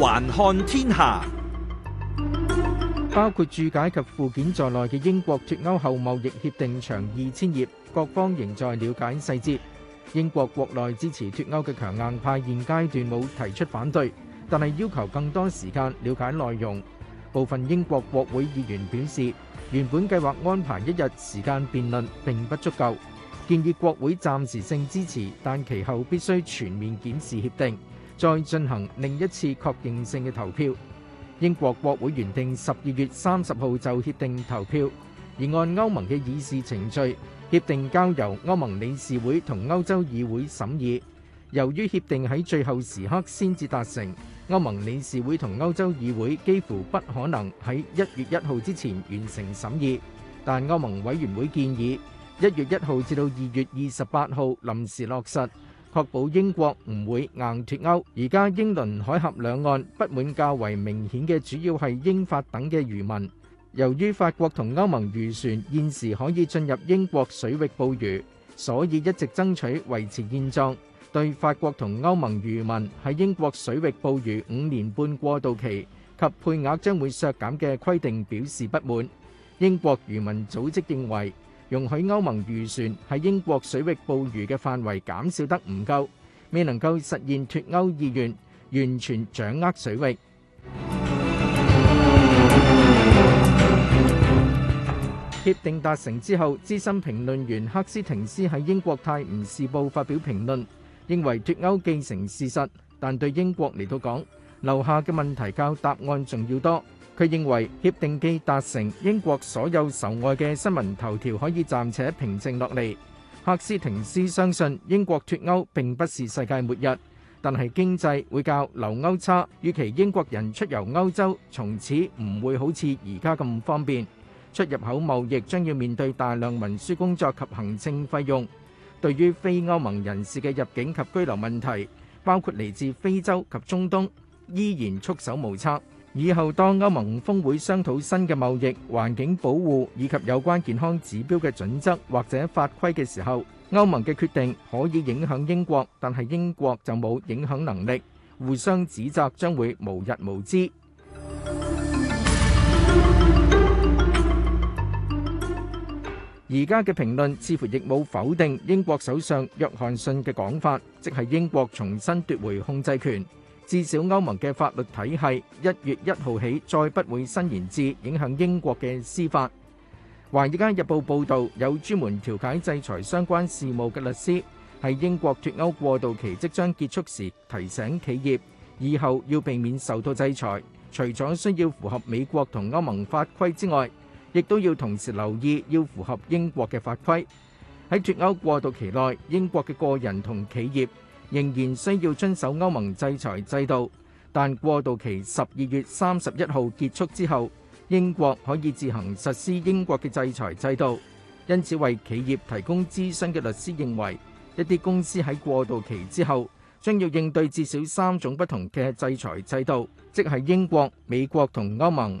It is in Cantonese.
環看天下，包括注解及附件在內嘅英國脫歐後貿易協定長二千頁，各方仍在了解細節。英國國內支持脫歐嘅強硬派現階段冇提出反對，但係要求更多時間了解內容。部分英國國會議員表示，原本計劃安排一日時間辯論，並不足夠，建議國會暫時性支持，但其後必須全面檢視協定。再進行另一次確認性嘅投票。英國國會原定十二月三十號就協定投票，而按歐盟嘅議事程序，協定交由歐盟理事會同歐洲議會審議。由於協定喺最後時刻先至達成，歐盟理事會同歐洲議會幾乎不可能喺一月一號之前完成審議。但歐盟委員會建議一月一號至到二月二十八號臨時落實。確保英國唔會硬脱歐。而家英倫海峽兩岸不滿較為明顯嘅，主要係英法等嘅漁民。由於法國同歐盟漁船現時可以進入英國水域捕魚，所以一直爭取維持現狀，對法國同歐盟漁民喺英國水域捕魚五年半過渡期及配額將會削減嘅規定表示不滿。英國漁民組織認為，容許歐盟漁船喺英國水域捕魚嘅範圍減少得唔夠，未能夠實現脱歐意願，完全掌握水域。協定達成之後，資深評論員赫斯廷斯喺英國泰晤士報發表評論，認為脱歐既成事實，但對英國嚟到講，留下嘅問題較答案仲要多。佢認為協定既達成，英國所有仇外嘅新聞頭條可以暫且平靜落嚟。赫斯廷斯相信英國脱歐並不是世界末日，但係經濟會較留歐差，預期英國人出遊歐洲從此唔會好似而家咁方便。出入口貿易將要面對大量文書工作及行政費用。對於非歐盟人士嘅入境及居留問題，包括嚟自非洲及中東，依然束手無策。以後當歐盟峰會商討新嘅貿易、環境保護以及有關健康指標嘅準則或者法規嘅時候，歐盟嘅決定可以影響英國，但係英國就冇影響能力。互相指責將會無日無之。而家嘅評論似乎亦冇否定英國首相約翰遜嘅講法，即係英國重新奪回控制權。至少歐盟嘅法律體系一月一號起再不會伸延至影響英國嘅司法。《華爾街日報》報導，有專門調解制裁相關事務嘅律師，喺英國脫歐過渡期即將結束時提醒企業，以後要避免受到制裁，除咗需要符合美國同歐盟法規之外，亦都要同時留意要符合英國嘅法規。喺脫歐過渡期內，英國嘅個人同企業，仍然需要遵守歐盟制裁制度，但過渡期十二月三十一號結束之後，英國可以自行實施英國嘅制裁制度。因此，為企業提供諮詢嘅律師認為，一啲公司喺過渡期之後，將要應對至少三種不同嘅制裁制度，即係英國、美國同歐盟。